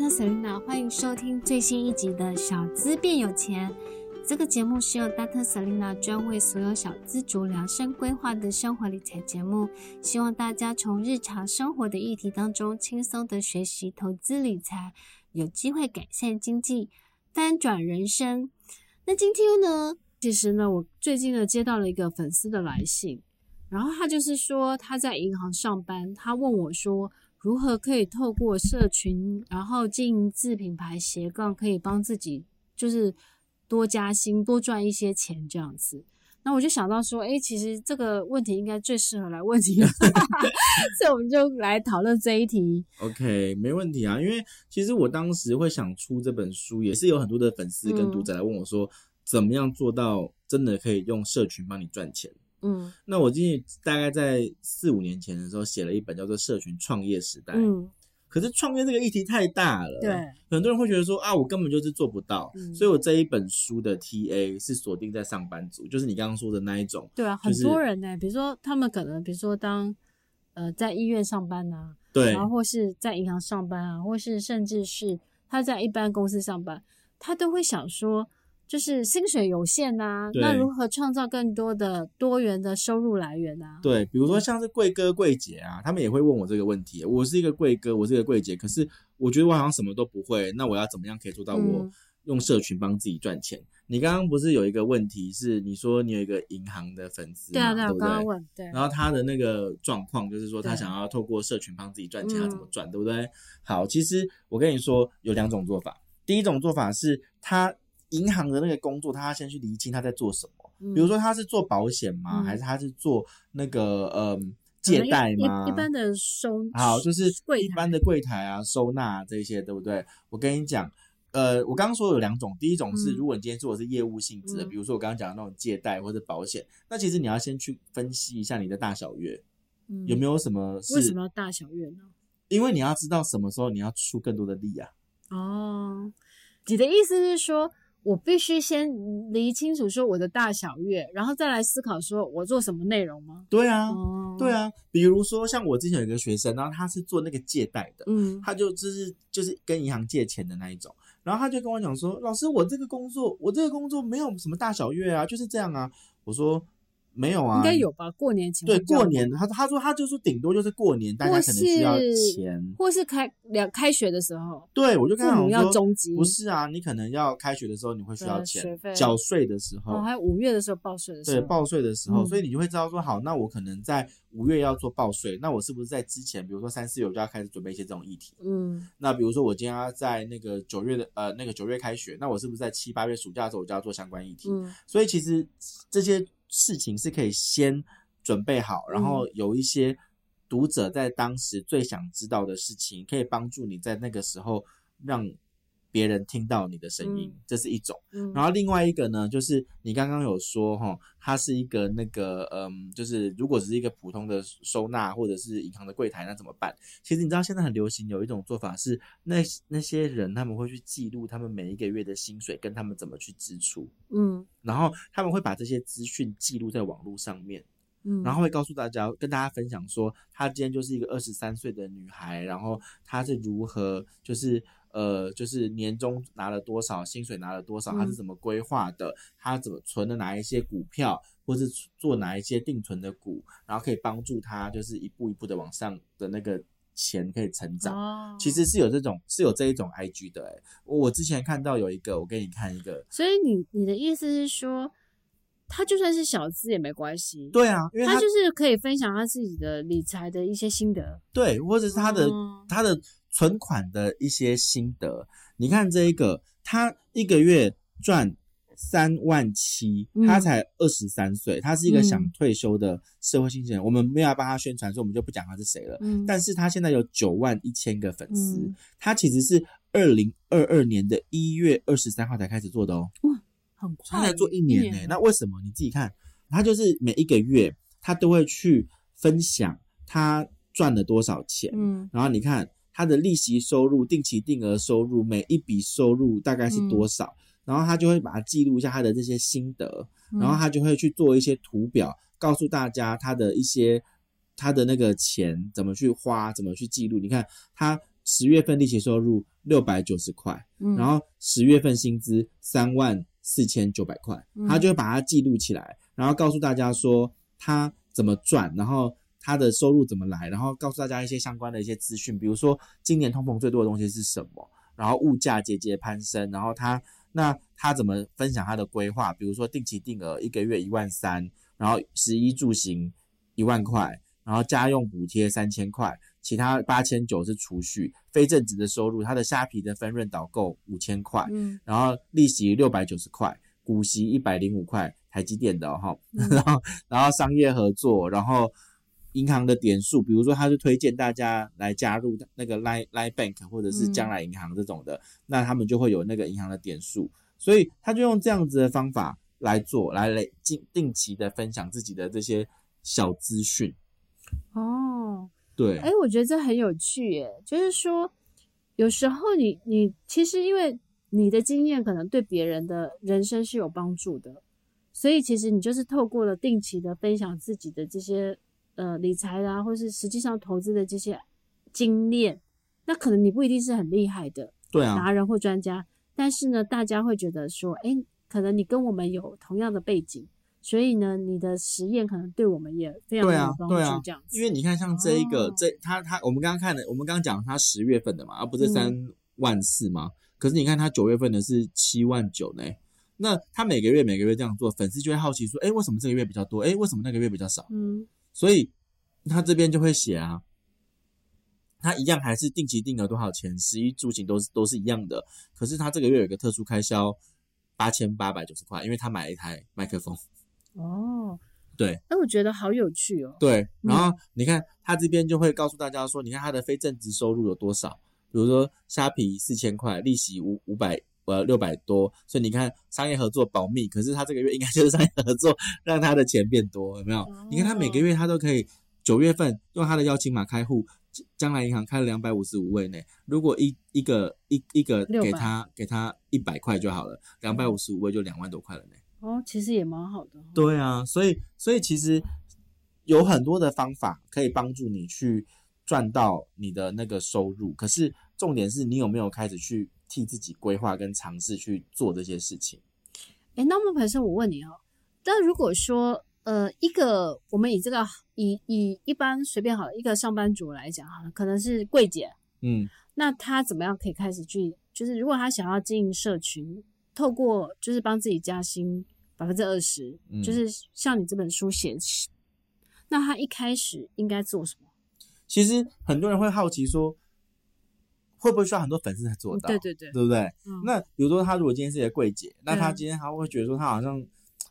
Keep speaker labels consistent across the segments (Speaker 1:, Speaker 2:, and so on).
Speaker 1: 達特瑟琳娜，歡迎收聽最新一集的《小資變有錢》。這個節目是由達特瑟琳娜專為所有小資族量身規劃的生活理財節目，希望大家從日常生活的議題當中輕鬆地學習投資理財，有機會改善經濟，翻轉人生。那今天呢，其實呢，我最近呢接到了一個粉絲的來信，然後他就是說他在銀行上班，他問我說，如何可以透過社群，然後經營自品牌斜槓，可以幫自己就是多加薪、多賺一些錢這樣子？那我就想到說，哎，其實這個問題應該最適合來問你了， 所以我們就來討論這一題。
Speaker 2: OK，沒問題啊，因為其實我當時會想出這本書，也是有很多的粉絲跟讀者來問我說，嗯、怎麼樣做到真的可以用社群幫你賺錢？嗯，那我記得大概在四五年前的時候，寫了一本叫做《社群創業時代》。嗯，可是創業這個議題太大了，對，很多人會覺得說啊，我根本就是做不到。嗯，所以我這一本書的 TA 是鎖定在上班族，就是你剛剛說的那一種。
Speaker 1: 對啊，就是，很多人呢，欸，比如說他們可能，比如說當呃在醫院上班吶，啊，對，然後或是在銀行上班啊，或是甚至是他在一般公司上班，他都會想說。就是薪水有限吶、啊，對那如何創造更多的多元的收入來源啊？
Speaker 2: 對，比如說像是櫃哥、櫃姐啊，他們也會問我這個問題。我是一個櫃哥，我是一個櫃姐，可是我覺得我好像什麼都不會，那我要怎麼樣可以做到我用社群幫自己賺錢？嗯、你剛剛不是有一個問題是，你說你有一個銀行的粉絲，對啊，對，對，我剛剛問，對，然後他的那個狀況就是說他想要透過社群幫自己賺錢，對他怎麼賺，對不對？好，其實我跟你說有兩種做法，第一種做法是他。銀行的那個工作，他要先去釐清他在做什麼。比如說他是做保險嗎？還是他是做那個嗯、借貸嗎？一般
Speaker 1: 的收好，
Speaker 2: 就是一般的櫃檯啊、收納啊，這些，對不對？我跟你講，呃，我剛剛說有兩種，第一種是如果你今天做的是業務性質，比如說我剛剛講的那種借貸或者保險，那其實你要先去分析一下你的大小月有沒有什麼。為什麼要
Speaker 1: 大小月呢？
Speaker 2: 因為你要知道什麼時候你要出更多的力啊。
Speaker 1: 哦，你的意思是說？我必須先理清楚說我的大小月，然後再來思考說我做什麼內容嗎？
Speaker 2: 對啊，哦、對啊。比如說像我之前有一個學生啊，然後他是做那個借貸的，嗯，他就就是就是跟銀行借錢的那一種，然後他就跟我講說，老師，我這個工作，我這個工作沒有什麼大小月啊，就是這樣啊。我說。沒有啊，應該有
Speaker 1: 吧？過年前對，過年，
Speaker 2: 他他說他就說頂多就是過年，大家可能需要錢，
Speaker 1: 或是開兩、開學的時候。對，我就跟他講你要中級，不是
Speaker 2: 啊？你可能要開學的時候你會需要錢，學費，繳稅的時候，
Speaker 1: 哦、還有五月的時候報稅的時候，對，
Speaker 2: 報稅的時候，嗯、所以你就會知道說好，那我可能在五月要做報稅，那我是不是在之前，比如說三四月我就要開始準備一些這種議題？嗯，那比如說我今天要在那個九月的呃那個九月開學，那我是不是在七八月暑假的時候我就要做相關議題？嗯，所以其實這些。事情是可以先準備好，然後有一些讀者在當時最想知道的事情，可以幫助你在那個時候讓別人聽到你的聲音，嗯、這是一種。嗯、然後另外一個呢，就是你剛剛有說哈、哦，它是一個那個，嗯，就是如果只是一個普通的收納或者是銀行的櫃台，那怎麼辦？其實你知道現在很流行有一種做法是那，那那些人他們會去記錄他們每一個月的薪水跟他們怎麼去支出，嗯，然後他們會把這些資訊記錄在網絡上面，嗯，然後會告訴大家跟大家分享說，她今天就是一個二十三歲的女孩，然後她是如何就是。呃，就是年終拿了多少薪水，拿了多少，他是怎麼規劃的？嗯、他怎麼存的哪一些股票，或是做哪一些定存的股，然後可以幫助他，就是一步一步的往上的那個錢可以成長。哦、其實是有這種，是有這一種 IG 的誒、欸、我我之前看到有一個，我給你看一個。
Speaker 1: 所以你你的意思是說？他就算是小資也沒關係，對啊，因為他,他就是可以分享他自己的理財的一些心得，
Speaker 2: 對，或者是他的、嗯、他的存款的一些心得。你看這一個，他一個月賺三萬七，他才二十三歲，嗯、他是一個想退休的社會新鮮人。嗯、我們沒有要幫他宣傳，所以我們就不講他是誰了。嗯、但是他現在有九萬一千個粉絲，嗯、他其實是二零二二年的一月二十三號才開始做的哦。哇。他才做一年呢、欸，一年了。那為什麼你自己看？他就是每一個月他都會去分享他賺了多少錢，嗯，然後你看他的利息收入、定期定額收入每一筆收入大概是多少，嗯、然後他就會把它記錄一下他的這些心得，嗯、然後他就會去做一些圖表，告訴大家他的一些他的那個錢怎麼去花、怎麼去記錄。你看他十月份利息收入六百九十塊，嗯、然後十月份薪資三萬。四千九百塊，他就會把它記錄起來，然後告訴大家說他怎麼賺，然後他的收入怎麼來，然後告訴大家一些相關的一些資訊，比如說今年通膨最多的東西是什麼，然後物價節節攀升，然後他那他怎麼分享他的規劃？比如說定期定額一個月一萬三，然後食衣住行一萬塊，然後家用補貼三千塊。其他八千九是儲蓄非正職的收入，他的蝦皮的分潤導購五千塊，嗯、然後利息六百九十塊，股息一百零五塊，台積電的哈、哦，嗯、然後然後商業合作，然後銀行的點數，比如說他是推薦大家來加入那個 Line Bank 或者是將來銀行這種的，嗯、那他們就會有那個銀行的點數，所以他就用這樣子的方法來做，來來定定期的分享自己的這些小資訊，哦。對，哎、
Speaker 1: 欸，我覺得這很有趣耶，就是說，有時候你你其實因為你的經驗可能對別人的人生是有幫助的，所以其實你就是透過了定期的分享自己的這些呃理財啊，或是實際上投資的這些經驗，那可能你不一定是很厲害的對啊達人或專家，但是呢，大家會覺得說，哎、欸，可能你跟我們有同樣的背景。所以呢，你的實驗可能對我們也非常有幫助。對啊，對啊，這樣。因為你看，像這一個，哦、
Speaker 2: 這他他，我們剛剛看的，我們剛剛講他十月份的嘛，而、啊、不是三萬四嘛。嗯、可是你看他九月份的是七萬九呢。那他每個月每個月這樣做，粉絲就會好奇說：，哎、欸，為什麼這個月比較多？哎、欸，為什麼那個月比較少？嗯。所以他這邊就會寫啊，他一樣還是定期定額多少錢，食衣住行都是都是一樣的。可是他這個月有個特殊開銷，八千八百九十塊，因為他買了一台麥克風。哦，對，
Speaker 1: 那我覺得好有趣哦。
Speaker 2: 對，嗯、然後你看他這邊就會告訴大家說，你看他的非正職收入有多少，比如說蝦皮四千塊，利息五五百呃六百多，所以你看商業合作保密，可是他這個月應該就是商業合作讓他的錢變多，有沒有？哦、你看他每個月他都可以九月份用他的邀請碼開戶，將來銀行開了兩百五十五位呢。如果一一個一一個給他給他一百塊就好了，兩百五十五位就兩萬多塊了呢。
Speaker 1: 哦，其實也蠻好的。
Speaker 2: 對啊，所以所以其實有很多的方法可以幫助你去賺到你的那個收入。可是重點是你有沒有開始去替自己規劃跟嘗試去做這些事情？
Speaker 1: 哎、欸，那冒牌生我問你哦、喔，但如果說呃，一個我們以這個以以一般隨便好了一個上班族來講哈，可能是櫃姐，嗯，那他怎麼樣可以開始去，就是如果他想要經營社群？透過就是幫自己加薪百分之二十，就是像你這本書寫起，嗯、那他一開始應該做什麼？
Speaker 2: 其實很多人會好奇說，會不會需要很多粉絲才做到，嗯？對對對，對不對？嗯、那比如說他如果今天是一個櫃姐，那他今天他會覺得說他好像、嗯。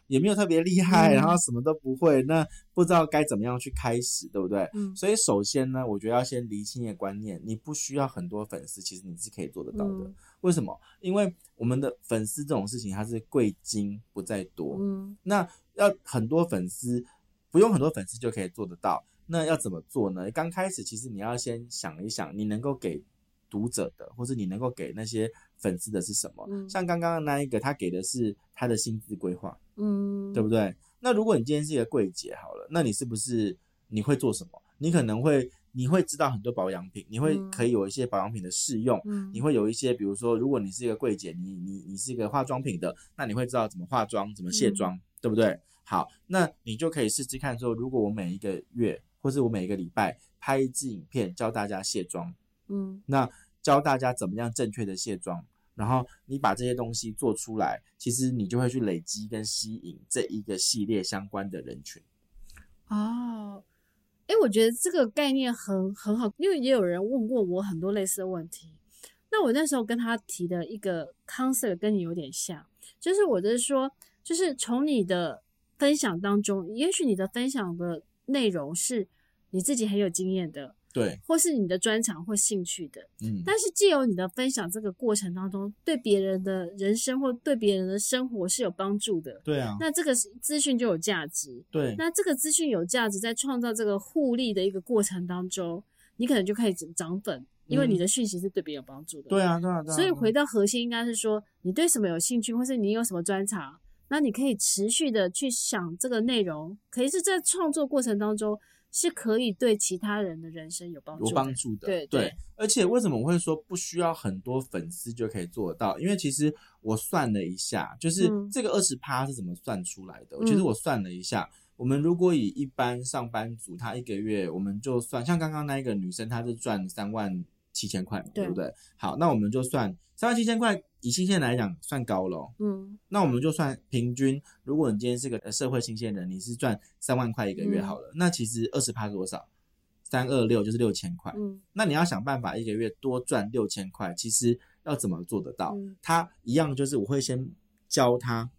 Speaker 2: 也沒有特別厲害，然後什麼都不會，嗯、那不知道該怎麼樣去開始，對不對？嗯、所以首先呢，我覺得要先釐清一個觀念，你不需要很多粉絲，其實你是可以做得到的。嗯、為什麼？因為我們的粉絲這種事情，它是貴精不在多。嗯、那要很多粉絲，不用很多粉絲就可以做得到。那要怎麼做呢？剛開始其實你要先想一想，你能夠給。讀者的，或者你能夠給那些粉絲的是什麼？嗯、像剛剛的那一個，他給的是他的薪資規劃，嗯，對不對？那如果你今天是一個櫃姐好了，那你是不是你會做什麼？你可能會你會知道很多保養品，你會可以有一些保養品的試用，嗯、你會有一些，比如說，如果你是一個櫃姐，你你你是一個化妝品的，那你會知道怎麼化妝，怎麼卸妝，嗯、對不對？好，那你就可以試試看說，如果我每一個月，或是我每一個禮拜拍一支影片教大家卸妝。嗯，那教大家怎麼樣正確的卸妝，然後你把這些東西做出來，其實你就會去累積跟吸引這一個系列相關的人群。
Speaker 1: 哦，哎、欸，我覺得這個概念很很好，因為也有人問過我很多類似的問題。那我那時候跟他提的一個 concept 跟你有點像，就是我的說，就是從你的分享當中，也許你的分享的內容是你自己很有經驗的。對，或是你的專長或興趣的，嗯，但是藉由你的分享這個過程當中，對別人的人生或對別人的生活是有幫助的，對啊，那這個資訊就有價值，對，那這個資訊有價值，在創造這個互利的一個過程當中，你可能就可以漲粉，因為你的訊息是對別人有幫助的，對啊，對啊，所以回到核心應該是說，你對什麼有興趣，或是你有什麼專長，那你可以持續的去想這個內容，可以是在創作過程當中。是可以對其他人的人生有幫助，有幫
Speaker 2: 助的。對對對。對，而且為什麼我會說不需要很多粉絲就可以做到？因為其實我算了一下，就是這個二十趴是怎麼算出來的？嗯，其實我算了一下，我們如果以一般上班族，他一個月我們就算，像剛剛那一個女生，她是賺三萬七千塊，對不對？好，那我們就算三萬七千塊。以新鮮來講算高咯，哦。嗯，那我們就算平均，如果你今天是個社會新鮮人，你是賺三萬塊一個月好了，嗯、那其實二十趴多少？三二六就是六千塊，嗯，那你要想辦法一個月多賺六千塊，其實要怎麼做得到？嗯、他一樣就是我會先教他。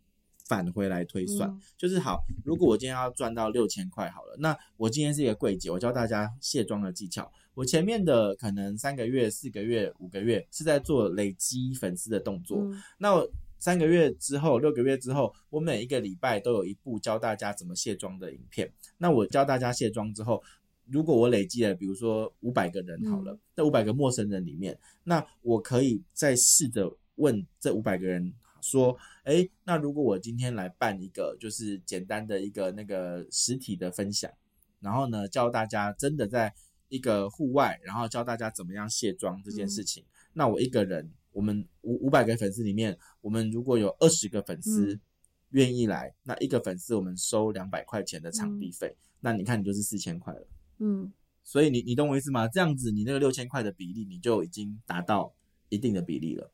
Speaker 2: 返回來推算，嗯、就是好。如果我今天要賺到六千塊好了，那我今天是一個櫃姐，我教大家卸妝的技巧。我前面的可能三個月、四個月、五個月是在做累積粉絲的動作。嗯、那三個月之後、六個月之後，我每一個禮拜都有一部教大家怎麼卸妝的影片。那我教大家卸妝之後，如果我累積了，比如說五百個人好了，那五百個陌生人裡面，那我可以再試着問這五百個人說，誒，那如果我今天來辦一個，就是簡單的一個那個實體的分享，然後呢，教大家真的在一個戶外，然後教大家怎麼樣卸妝這件事情，嗯、那我一個人，我們五五百個粉絲裡面，我們如果有二十個粉絲願意來，嗯、那一個粉絲我們收兩百塊錢的場地費，嗯、那你看你就是四千塊
Speaker 1: 了，
Speaker 2: 嗯，所以你你懂我意思嗎？這樣子你那個六千塊的比例，你就已經達到一定的比例了，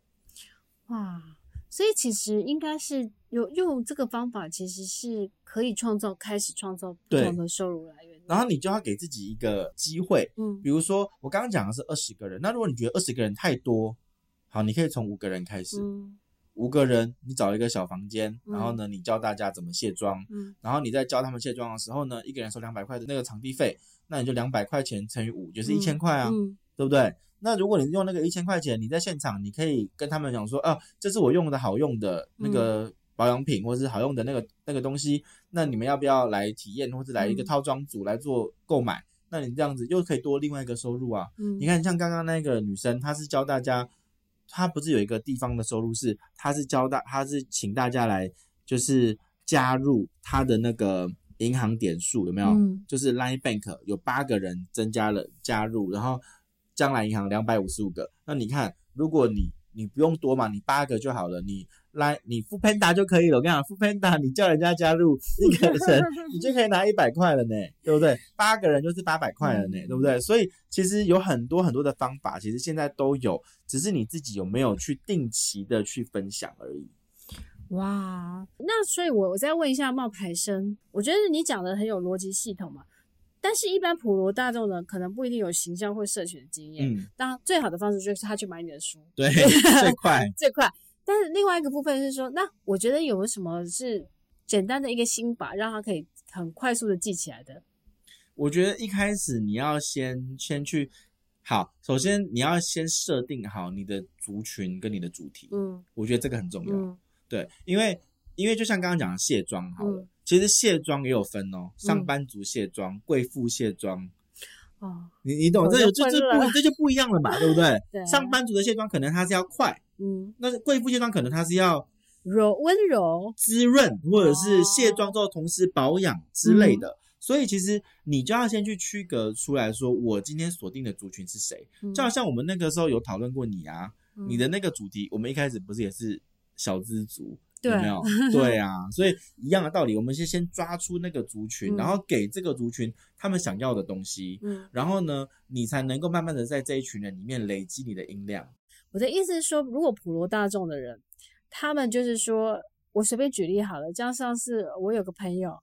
Speaker 1: 哇。所以其實應該是用用這個方法，其實是可以創造開始創造不同的收入
Speaker 2: 來源。然後你就要給自己一個機會，嗯，比如說我剛剛講的是二十個人，那如果你覺得二十個人太多，好，你可以從五個人開始，嗯，五個人你找一個小房間，然後呢你教大家怎麼卸妝，嗯，嗯，然後你在教他們卸妝的時候呢，一個人收兩百塊的那個場地費，那你就兩百塊錢乘以五，就是一千塊啊，嗯，嗯，對不對？那如果你用那個一千塊錢，你在現場，你可以跟他們講說，啊，這是我用的好用的那個保養品，嗯、或者是好用的那個那個東西，那你們要不要來體驗，或者來一個套裝組來做購買？嗯、那你這樣子又可以多另外一個收入啊。嗯、你看，像剛剛那個女生，她是教大家，她不是有一個地方的收入是，她是教大，她是請大家來就是加入她的那個銀行點數，有沒有？嗯、就是 Line Bank 有八個人增加了加入，然後。將來銀行兩百五十五個，那你看，如果你你不用多嘛，你八個就好了，你來你富胖達就可以了。我跟你講，富胖達你叫人家加入一個人， 你就可以拿一百塊了呢，對不對？八個人就是八百塊了呢，嗯、對不對？所以其實有很多很多的方法，其實現在都有，只是你自己有沒有去定期的去分享而已。
Speaker 1: 哇，那所以，我我再問一下冒牌生，我覺得你講的很有邏輯系統嘛。但是，一般普羅大眾呢，可能不一定有形象會攝取的經驗。嗯，當然，最好的方式就是他去買你的書。對， 最快最快。但是另外一個部分是說，那我覺得有，有什麼是簡單的一個心法，讓他可以很快速的記起來的？
Speaker 2: 我覺得一開始你要先先去好，首先你要先設定好你的族群跟你的主題。嗯，我覺得這個很重要。嗯、對，因為因為就像剛剛講的卸妝好了。嗯其實卸妝也有分哦，上班族卸妝、嗯、貴婦卸妝，哦，你你懂這這這這就不一樣了嘛，對不對？對上班族的卸妝可能他是要快，嗯，那是貴婦卸妝可能他是要柔溫柔滋潤，或者是卸妝之後同時保養之類的。哦、所以其實你就要先去區隔出來說，我今天鎖定的族群是誰？嗯、就好像我們那個時候有討論過你啊，嗯、你的那個主題，我們一開始不是也是小資族。對、啊、有沒有？ 對啊，所以一樣的道理，我們先先抓出那個族群，嗯、然後給這個族群他們想要的東西，嗯、然後呢，你才能夠慢慢的在這一群人裡面累積你的音量。
Speaker 1: 我的意思是說，如果普羅大眾的人，他們就是說，我隨便舉例好了，加上是我有個朋友，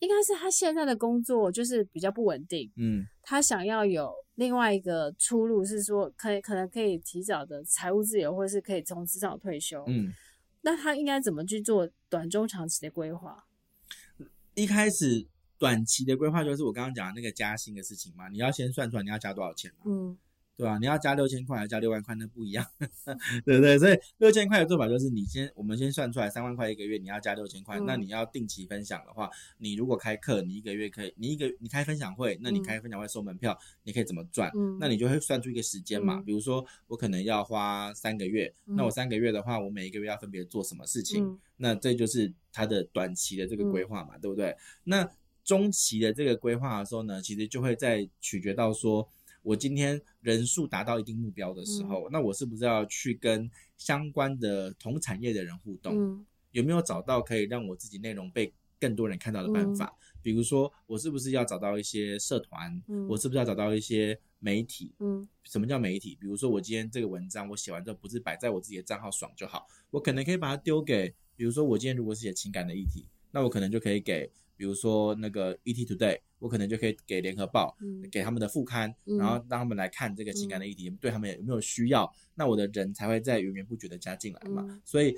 Speaker 1: 應該是他現在的工作就是比較不穩定，嗯，他想要有另外一個出路，是說可以可能可以提早的財務自由，或是可以從職場退休，嗯。那他應該怎麼去做短中長期的規劃？
Speaker 2: 一開始短期的規劃就是我剛剛講的那個加薪的事情嘛，你要先算出來你要加多少錢嘛。嗯對啊，你要加六千塊還是加六萬塊，那不一樣， 對不對？所以六千塊的做法就是，你先我們先算出來三萬塊一個月，你要加六千塊，嗯、那你要定期分享的話，你如果開課，你一個月可以，你一個你開分享會，那你開分享會收門票，嗯、你可以怎麼賺？嗯、那你就會算出一個時間嘛，嗯、比如說我可能要花三個月，嗯、那我三個月的話，我每一個月要分別做什麼事情，嗯、那這就是它的短期的這個規劃嘛，嗯、對不對？那中期的這個規劃的時候呢，其實就會在取決到說。我今天人數達到一定目標的時候，嗯、那我是不是要去跟相關的同產業的人互動？嗯、有沒有找到可以讓我自己內容被更多人看到的辦法？嗯、比如說，我是不是要找到一些社團？嗯、我是不是要找到一些媒體？嗯、什麼叫媒體？比如說，我今天這個文章我寫完之後，不是擺在我自己的賬號爽就好，我可能可以把它丟給，比如說，我今天如果是寫情感的議題，那我可能就可以給。比如說那個 ET Today，我可能就可以給聯合報，嗯、給他們的副刊，嗯、然後讓他們來看這個情感的議題，嗯、對他們有沒有需要，那我的人才會在源源不絕的加進來嘛。嗯、所以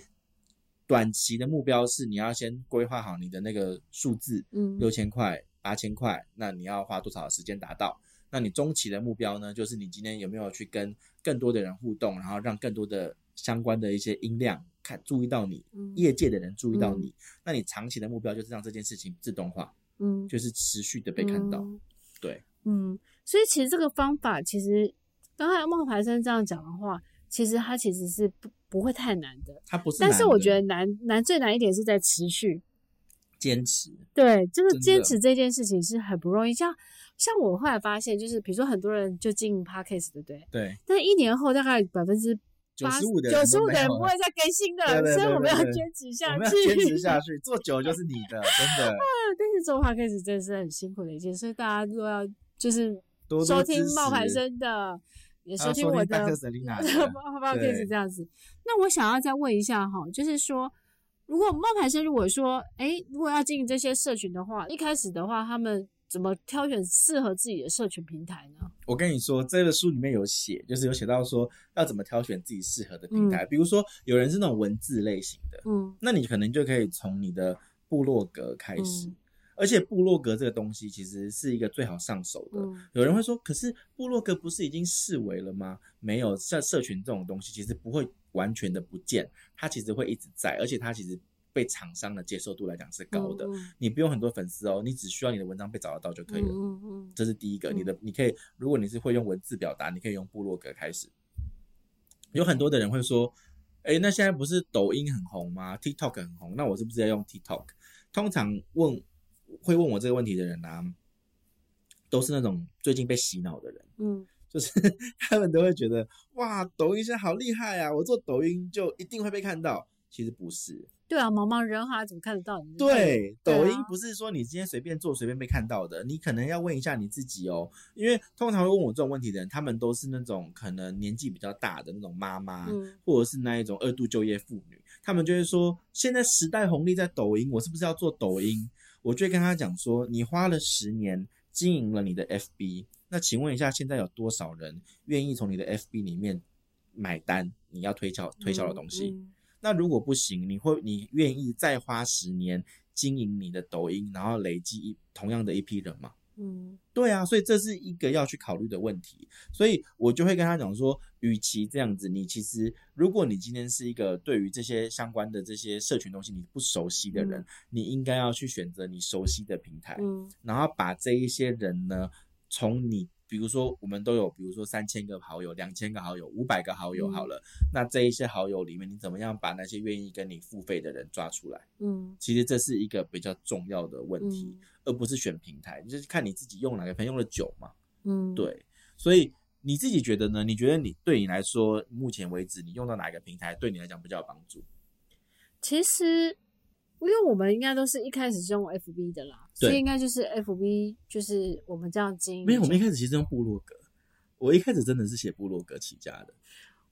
Speaker 2: 短期的目標是你要先規劃好你的那個數字，嗯、六千塊、八千塊，那你要花多少時間達到？那你中期的目標呢？就是你今天有沒有去跟更多的人互動，然後讓更多的相關的一些音量。看，注意到你，業界的人注意到你，嗯嗯、那你長期的目標就是讓這件事情自動化，嗯，就是持續的被看到，嗯、對，
Speaker 1: 嗯，所以其實這個方法，其實剛才冒牌生這樣講的話，其實他其實是不不會太難的，
Speaker 2: 他不是，但是我覺得
Speaker 1: 難難最難一點是在持續堅持，對，就是堅持的這件事情是很不容易，像像我後來發現，就是比如說很多人就進 Podcast 對不對？對，但一年後大概百分之。九十五的九十五的人不會再更新的。對對對對對，所以我們要堅持下去，堅持下去
Speaker 2: 做久就是你的，
Speaker 1: 真的。 啊、但是做話開始真的真是很辛苦的一件事，所以大家都要就是多，多收聽冒牌生的，也收聽我的花花 case，啊、 這樣子。對那我想要再問一下哈，就是說，如果冒牌生如果說，誒、欸，如果要進這些社群的話，一開始的話，他們。怎麼挑選適合自己的社群平台呢？
Speaker 2: 我跟你說，這個書裡面有寫，就是有寫到說要怎麼挑選自己適合的平台。嗯、比如說，有人是那種文字類型的，嗯，那你可能就可以從你的部落格開始。嗯、而且，部落格這個東西其實是一個最好上手的。嗯、有人會說，可是部落格不是已經視為式微了嗎？沒有，像社群這種東西，其實不會完全的不見，它其實會一直在，而且它其實。被廠商的接受度來講是高的，你不用很多粉絲哦，你只需要你的文章被找得到就可以了。這是第一個，你的你可以，如果你是會用文字表達，你可以用部落格開始。有很多的人會說：“哎，那現在不是抖音很紅嗎？TikTok 很紅，那我是不是要用 TikTok？” 通常問會問我這個問題的人啊，都是那種最近被洗腦的人，嗯，就是他們都會覺得哇，抖音現在好厲害啊，我做抖音就一定會被看到。其實不是。
Speaker 1: 對啊，茫茫人海怎麼看得到？你怎麼看得到？對，
Speaker 2: 對啊。抖音不是說你今天隨便做隨便被看到的，你可能要問一下你自己哦。因為通常會問我這種問題的人，他們都是那種可能年紀比較大的那種媽媽，嗯、或者是那一種二度就業婦女。他們就是說，現在時代紅利在抖音，我是不是要做抖音？我就會跟他講說，你花了十年經營了你的 FB，那請問一下，現在有多少人願意從你的 FB 裡面買單你要推銷推銷的東西？嗯嗯那如果不行，你會你願意再花十年經營你的抖音，然後累積一同樣的一批人嗎？嗯，對啊，所以這是一個要去考慮的問題。所以我就會跟他講說，與其這樣子，你其實如果你今天是一個對於這些相關的這些社群東西你不熟悉的人，嗯，你應該要去選擇你熟悉的平台，嗯，然後把這一些人呢從你。比如說，我們都有，比如說三千個好友、兩千個好友、五百個好友，好了。嗯、那這一些好友裡面，你怎麼樣把那些願意跟你付費的人抓出來？嗯，其實這是一個比較重要的問題，嗯、而不是選平台，就是看你自己用哪個平台用得久嘛。嗯，對。所以你自己覺得呢？你覺得你對你來說，目前為止你用到哪個平台對你來講比較有幫助？
Speaker 1: 其實。因為我們應該都是一開始是用 F B 的啦，對所以應該就是 F B 就是我們這樣經營。沒有，我們一
Speaker 2: 開始其實用部落格，我一開始真的是寫部落格起家的。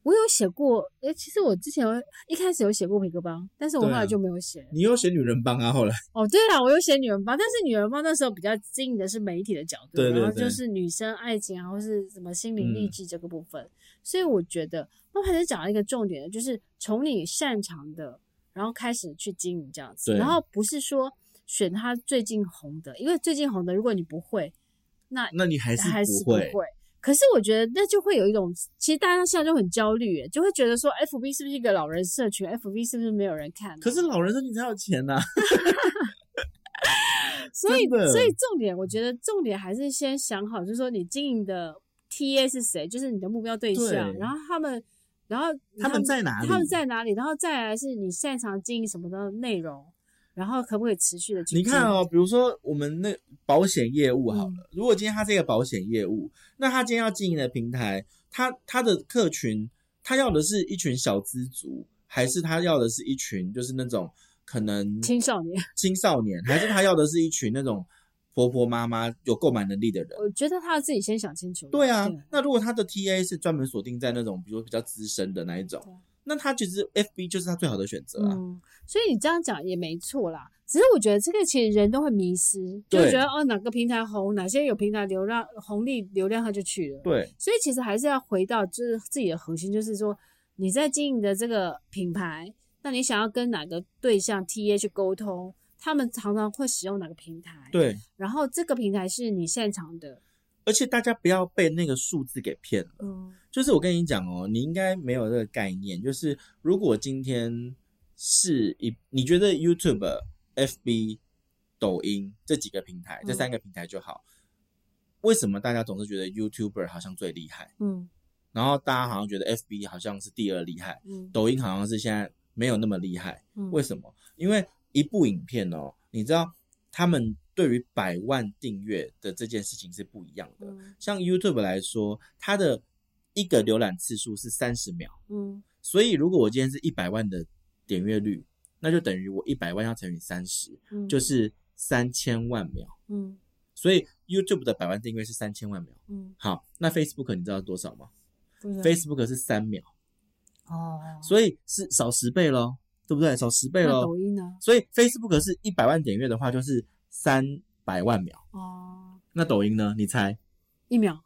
Speaker 1: 我有寫過，哎、欸，其實我之前有一開始有寫過痞客邦，但是我後來就沒有寫。
Speaker 2: 你有寫女人幫啊？後來？
Speaker 1: 哦，對啊，我有寫女人幫，但是女人幫那時候比較經營的是媒體的角度，對對對，然後就是女生愛情，然後是什麼心靈勵志這個部分。嗯、所以我覺得我還是講了一個重點的，就是從你擅長的。然後開始去經營這樣子，對然後不是說選他最近紅的，因為最近紅的如果你不會，那你會那你還是不會。可是我覺得那就會有一種，其實大家現在就很焦慮，就會覺得說 F B 是不是一個老人社群？F B 是不是沒有人看？可
Speaker 2: 是老人社群有錢吶、啊。
Speaker 1: 所以的所以重點，我覺得重點還是先想好，就是說你經營的 T A 是誰，就是你的目標對象，對然後他們。然後他們在哪裡？他們在哪裡？然後再來是你擅長經營什麼的內容？然後可不可以持續的經營？你看
Speaker 2: 哦，比如說我們那保險業務好了，嗯，如果今天他這個保險業務，那他今天要經營的平台，他他的客群，他要的是一群小資族，還是他要的是一群就是那種可能青少年？青少年？還是他要的是一群那種？婆婆媽媽有購買能力的人，
Speaker 1: 我覺得他自己先想清楚。對啊，
Speaker 2: 對那如果他的 TA 是專門鎖定在那種，比如說比較資深的那一種，對那他其實 FB 就是他最好的選擇啊、嗯。
Speaker 1: 所以你這樣講也沒錯啦，只是我覺得這個其實人都會迷失，就是、覺得對哦哪個平台紅，哪些有平台流量紅利流量他就去了。對，所以其實還是要回到就是自己的核心，就是說你在經營的這個品牌，那你想要跟哪個對象 TA 去溝通？他們常常會使用哪個平台？對，然後這個平台是你擅長的，
Speaker 2: 而且大家不要被那個數字給騙了。嗯，就是我跟你講哦，你應該沒有這個概念。就是如果今天是一，你覺得 YouTube、FB、抖音這幾個平台，嗯、這三個平台就好？為什麼大家總是覺得 YouTuber 好像最厲害？嗯，然後大家好像覺得 FB 好像是第二厲害，嗯、抖音好像是現在沒有那麼厲害。嗯、為什麼？因為。一部影片哦，你知道他們對於百萬訂閱的這件事情是不一樣的。嗯，像 YouTube 來說，它的一個瀏覽次數是三十秒，嗯，所以如果我今天是一百萬的點閱率，那就等於我一百萬要乘以三十，就是三千萬秒，嗯，所以 YouTube 的百萬訂閱是三千萬秒，嗯，好，那 Facebook 你知道多少嗎，對不對？Facebook 是三秒，哦，oh. 所以是少十倍嘍。對不對？少十倍了。抖音呢？所以 Facebook 是一百萬點閱的話，就是三百萬秒哦。Uh, 那抖音呢？你猜？
Speaker 1: 一秒，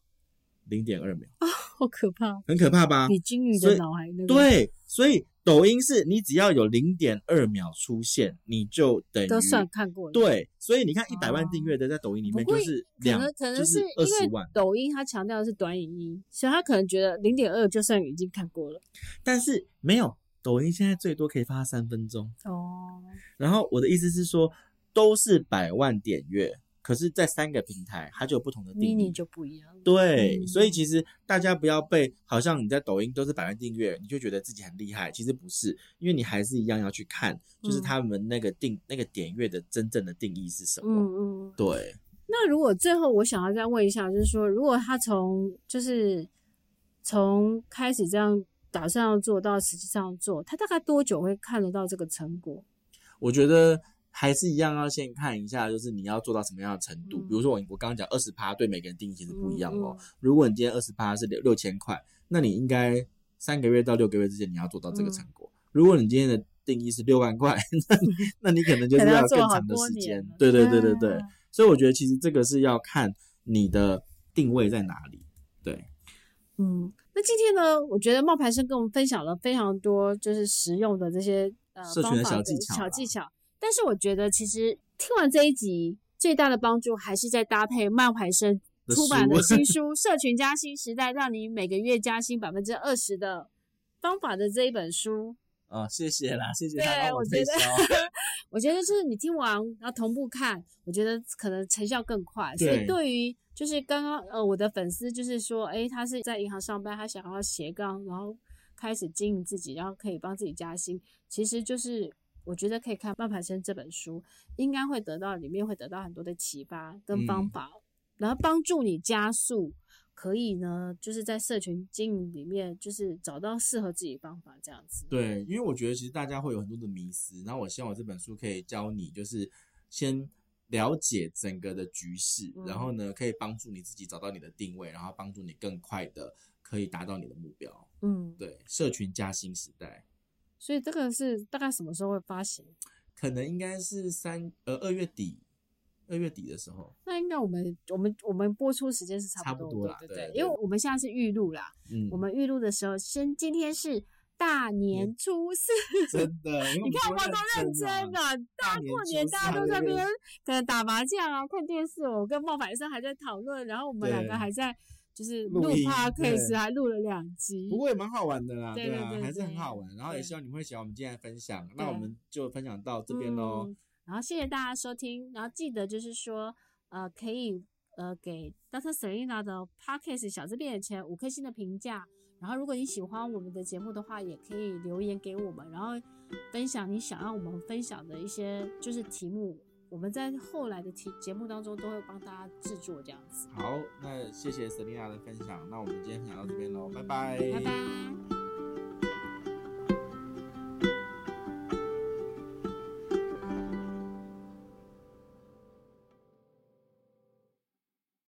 Speaker 2: 零點二秒。
Speaker 1: oh, 好可怕，很
Speaker 2: 可怕吧？比金魚的腦海以對，所以抖音是你只要有零點二秒出現，你就得。都算看過了。對，所以你看一百萬訂閱的在抖音裡面就是兩，可能是二十萬。抖
Speaker 1: 音它強調的是短影音，所以他可能覺得零點二就算已經看過了。
Speaker 2: 但是沒有。抖音現在最多可以發三分鐘哦，Oh. 然後我的意思是說，都是百萬點閱，可是，在三個平台它就有不同的定義你，你就不一樣。對，嗯、所以其實大家不要被好像你在抖音都是百萬訂閱，你就覺得自己很厲害，其實不是，因為你還是一樣要去看，就是他們那個定、嗯、那個點閱的真正的定義是什麼。嗯
Speaker 1: 嗯，對。那如果最後我想要再問一下，就是說，如果他從就是從開始這樣。打算要做到，實際上做，他大概多久會看得到這個成果？
Speaker 2: 我覺得還是一樣，要先看一下，就是你要做到什麼樣的程度。嗯、比如說我我剛剛講二十趴，對每個人定義其實不一樣的哦。嗯嗯、如果你今天二十趴是六六千塊，那你應該三個月到六個月之間你要做到這個成果。嗯、如果你今天的定義是六萬塊， 那你那你可能就是要更長的時間。對，對對對對對。哎、所以我覺得其實這個是要看你的定位在哪裡。對，嗯。
Speaker 1: 今天呢，我覺得冒牌生跟我們分享了非常多就是實用的這些呃的方法的小技巧。小技巧，但是我覺得其實聽完這一集最大的幫助還是在搭配冒牌生出版的新書《書 社群加薪時代》，讓你每個月加薪百分之二十的方法的這一本書。
Speaker 2: 啊、哦，謝謝啦，對啊、謝謝他我，我，覺得
Speaker 1: 我覺得就是你聽完要同步看，我覺得可能成效更快。對所以對於就是剛剛呃，我的粉絲就是說，誒、欸，他是在銀行上班，他想要斜槓，然後開始經營自己，然後可以幫自己加薪。其實就是我覺得可以看《冒牌生》這本書，應該會得到裡面會得到很多的啟發跟方法，嗯、然後幫助你加速，可以呢，就是在社群經營裡面就是找到適合自己的方法這樣子。
Speaker 2: 對，因為我覺得其實大家會有很多的迷思，然後我希望我這本書可以教你，就是先。了解整個的局勢，嗯、然後呢，可以幫助你自己找到你的定位，然後幫助你更快的可以達到你的目標。嗯，對，社群加薪時代，
Speaker 1: 所以這個是大概什麼時候會發行？
Speaker 2: 可能應該是三呃，二月底，二月底的時候。
Speaker 1: 那應該我們我們我們播出時間是差不多了，對對，因為我們現在是預錄啦，嗯，我們預錄的時候，先今天是大年初四，真的， 你看我多認真啊！大過年，大，大家都在那邊可能打麻將啊、看電視哦，跟冒牌生還在討論，然後我們兩個還在就是錄對 podcast，對還錄了兩集。
Speaker 2: 不過也蠻好玩的啦，對，對，對，對，對，還是很好玩。然後也希望你們會喜歡我們今天的分享，對那我們就分享到這邊嘍，嗯。
Speaker 1: 然後謝謝大家收聽，然後記得就是說，呃，可以呃給 Dr. Selena 的 podcast 小資變有錢五顆星的評價。然後，如果你喜歡我們的節目的話，也可以留言給我們，然後分享你想要我們分享的一些就是題目，我們在後來的題節目當中都會幫大家製作這樣子。
Speaker 2: 好，那謝謝 Selina 的分享，那我們今天分享到這邊嘍，拜拜，拜拜。